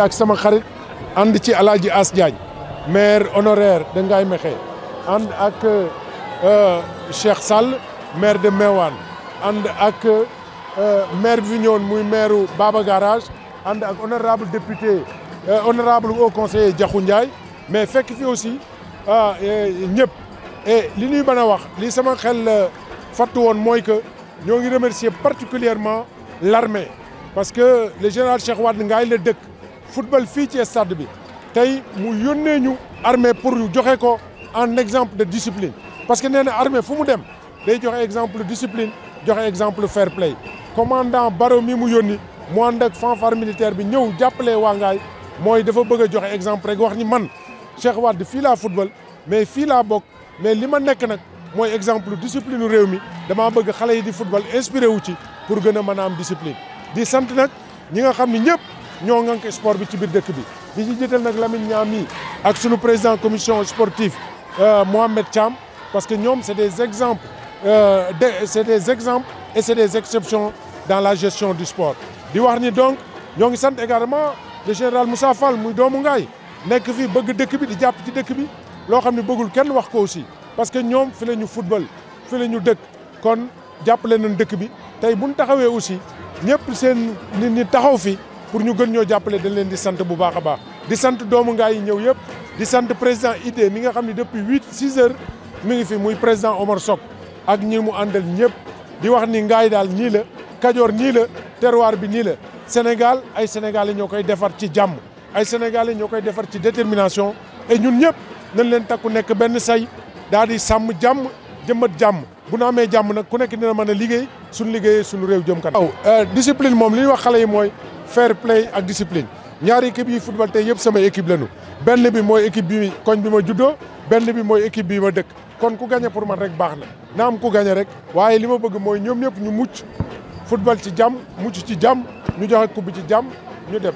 ak sama xarit ànd ci Alaaji As Diagne maire honoraire de Ngaye mexe ànd ak euh, Cheikh Sall maire de Mewane ànd ak euh, maire bi ñëwoon muy maireu Baba Garage ànd ak honorable député euh, honorable au conseiller Diakhou Ndiaye mais fekk fi aussi ah, ñëpp et li ñuy mën a wax li sama xel fàttu woon mooy que ñoo ngi remercier particulièrement l'armée parce que le général Cheikh Wade Ngaye la dëkk football fii ci stade bi tey mu yónnee ñu armée pour joxe ko en exemple de discipline parce que nee na armée fu mu dem day joxe exemple discipline joxe exemple fair play commandant Baro mi mu yónni mu ànd ak fanfare militaire bi ñëw jàppale waa Ngaye mooy dafa bëgg a joxe exemple rek wax ñi man Cheikh Wade fii laa football mais fii laa bokk mais li ma nekk nag mooy exemple discipline réew mi damaa bëgg xale yi di football inspiré wu ci pour gën a mën a am discipline di sant nag ñi nga xam ni ñëpp. ñoo ŋànk sport bi ci biir dëkk bi di ci jiital nag Lamine Niang mi ak sunu président commission sportive euh, Mohamed Thiam parce que ñoom c'est des exemples euh, de c'est des exemples et c'est des dans la gestion du sport di wax ni donc ñoo ngi sant également le général Moussa Fall muy doomu ngaay nekk fii bëgg dëkk bi di jàpp ci dëkk bi loo xam ne bëggul kenn wax ko aussi parce que ñoom fi la ñu football fi la ñu dëkk kon jàppale nañ dëkk bi tey bu buñ taxawee aussi ñëpp seen nit ñi taxaw fi pour ñu gën ñoo jàppale dañ leen di sant bu baax a baax di sant doomu ngaay yi ñëw yëpp di sant président idée mi nga xam ne depuis huit six heures mi ngi fi muy président omor Sock ak ñi mu àndal ñëpp di wax ni ngaay daal nii la Kajoor nii la terroir bi nii la Sénégal ay Sénégalais ñoo koy defar ci jàmm ay Sénégalais ñoo koy defar ci détermination et ñun ñëpp nañ leen takku nekk benn say daal di sàmm jàmm jëmbat jàmm bu na amee jàmm na ku nekk dina mën a liggéey suñu liggéeyee suñu réew jëm kanam. waaw euh, discipline moom li wax xale yi mooy fair play ak discipline ñaari équipe yi football tey yëpp samay équipe lañu benn bi mooy équipe bi koñ bi ma juddoo benn bi mooy équipe bi ma dëkk kon ku gagné pour man rek baax na na am ku gagné rek waaye li ma bëgg mooy ñoom ñëpp ñu mucc football ci jàmm mucc ci jàmm ñu joxe coupe bi ci jàmm ñu dem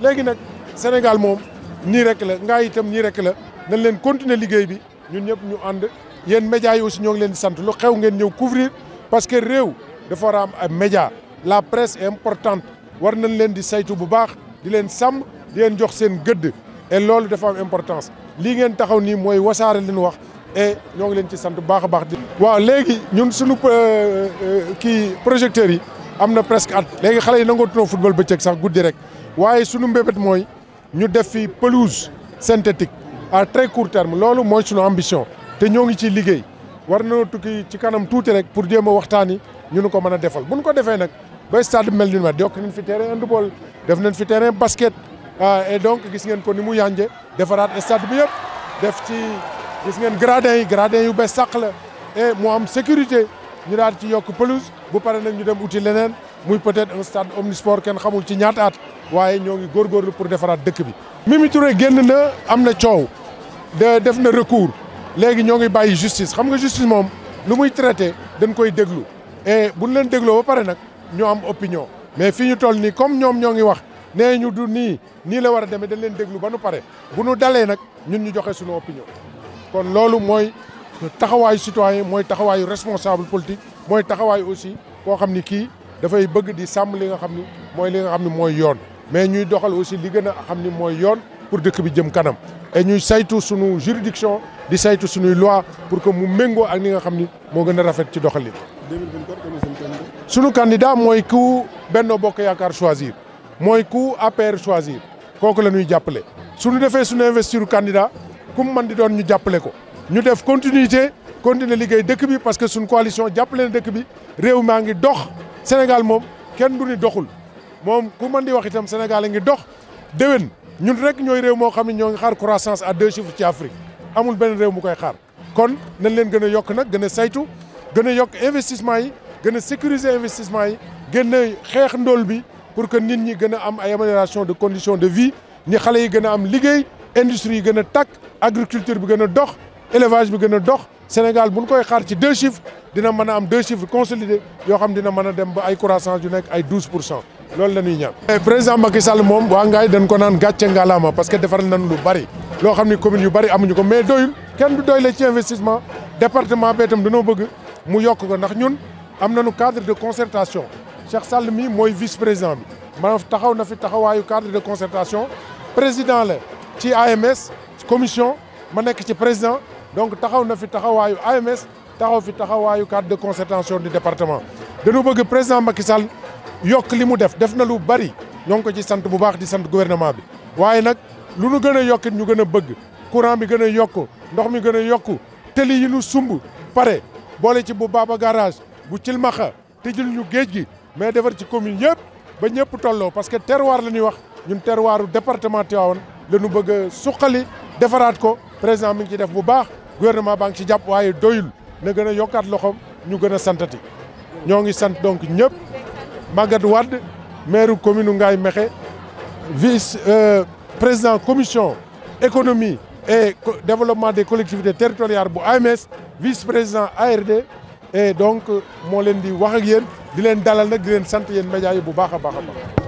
léegi nag Sénégal moom nii rek la ngaa itam nii rek la nañ leen continuer liggéey bi ñun ñëpp ñu ànd yéen médias yi aussi ñoo ngi leen di sant lu xew ngeen ñëw couvrir parce que réew dafa war a am ay média la presse importante war nañ leen di saytu bu baax di leen sàmm di leen jox seen gëdd et loolu dafa importance lii ngeen taxaw nii mooy wasaare li wax e ñoo ngi leen ci sant bu baax a baax. waaw léegi ñun suñu euh, euh, kii projecteurs yi am na presque at. léegi xale yi nangootunoo football bëccëg sax guddi rek waaye sunu mbébét mooy ñu def fi pelouse synthétique à très court terme loolu mooy sunu ambition te ñoo ngi ciy liggéey war nañoo tukki ci kanam tuuti rek pour jéem a waxtaani ñu nu ko mën a defal buñ ko defee nag. ba stade bi mel ni ma yokk nañ fi terrain handball def nañ fi terrain basket ah, et donc gis ngeen ko ni mu yànje defaraat stade bu yëpp def ci gis ngeen gradin yi gradin yu be sàq la et mu am sécurité ñu daal ci yokk pelouse bu pare nag ñu dem uti leneen muy peut-être un stade omnisport kenn xamul ci ñaata at waaye ñoo ngi góorgóorlu pour defaraat dëkk bi. mii Mimi Touré génn na am na coow de def na recours léegi ñoo ngi bàyyi justice xam nga justice moom lu muy traité dañ koy déglu et bu leen dégloo ba pare nag. ñu am opinion mais fi ñu toll nii comme ñoom ñoo ngi wax nee ñu du nii nii la war a demee dañ leen déglu ba nu pare bu nu dalee nag ñun ñu joxe suñu opinion kon loolu mooy taxawaayu citoyen mooy taxawaayu responsable politique mooy taxawaayu aussi koo xam ni kii dafay bëgg di sàmm li nga xam ni mooy li nga xam ni mooy yoon mais ñuy doxal aussi li gën a xam ni mooy yoon pour dëkk bi jëm kanam et ñuy saytu sunu juridiction di saytu sunuy loi pour que mu méngoo ak ni nga xam ni moo gën a rafet ci doxalin sunu candidat mooy ku Benno Bokk Yaakaar choisir mooy ku APR choisir kooku la ñuy jàppale suñu defee suñu investiru candidat ku man di doon ñu jàppale ko ñu def continuité continuer liggéey dëkk bi parce que suñu coalition jàppale na dëkk bi réew maa ngi dox Sénégal moom kenn du ni doxul moom ku mën di wax itam Sénégal a ngi dox déwén ñun rek ñooy réew moo xam ne ñoo ngi xaar croissance à deux chiffres ci Afrique amul benn réew mu koy xaar kon nañ leen gën a yokk nag gën a saytu gën a yokk investissement yi gën a sécuriser investissement yi gën xeex ndool bi pour que nit ñi gën a am ay amélioration de condition de vie ni xale yi gën a am liggéey industrie yi gën a tàkk agriculture bi gën a dox élevage bi gën a dox Sénégal bu ñu koy xaar ci deux chiffres dina mën a am deux chiffres consolidés yoo xam dina mën a dem ba ay croissance yu nekk ay douze pour cent loolu la ñuy ñaan. président Macky Sall moom waa Ngaye dañ ko naan gàcce ngalaama parce que defaral nañ lu bari loo xam ni communes yu bari amuñu ko mais doyul kenn du doy la ci département bi itam bëgg mu yokk ko ndax ñun. am na nañu cadre de consertation Cheikh Sall mi mooy vice président bi maanaam taxaw na fi taxawaayu cadre de concertation président la ci AMS commission ma nekk ci président donc taxaw na fi taxawaayu AMS taxaw fi taxawaayu cadre de concertation du département. dañu bëgg président Macky Sall yokk li mu def def na lu bari ñoo ngi ko ci sant bu baax di sant gouvernement bi waaye nag lu nu gën a yokkit ñu gën a bëgg courant bi gën a yokk ndox mi gën a yokk tëli yi ñu sumb pare boole ci bu baaba garage. bu cilmaxa tëjul ñu géej gi mais defar ci commune yëpp ba ñëpp tolloo parce que terroir la ñuy wax ñun terroiru département Tivaouane la ñu bëgg suqali defaraat ko président mi ngi ci def bu baax gouvernement baa ngi ci jàpp waaye doyul na gën a yokkaat loxoom ñu gën a santati ñoo ngi sant donc ñëpp Magatte Wade maire commune Ngaye Mekhe vice euh, président commission économie et développement des collectivité territoriales bu AMS vice président ARD et donc moo leen di wax ak yéen di leen dalal nag di leen sant yéen médias bu baax a baax a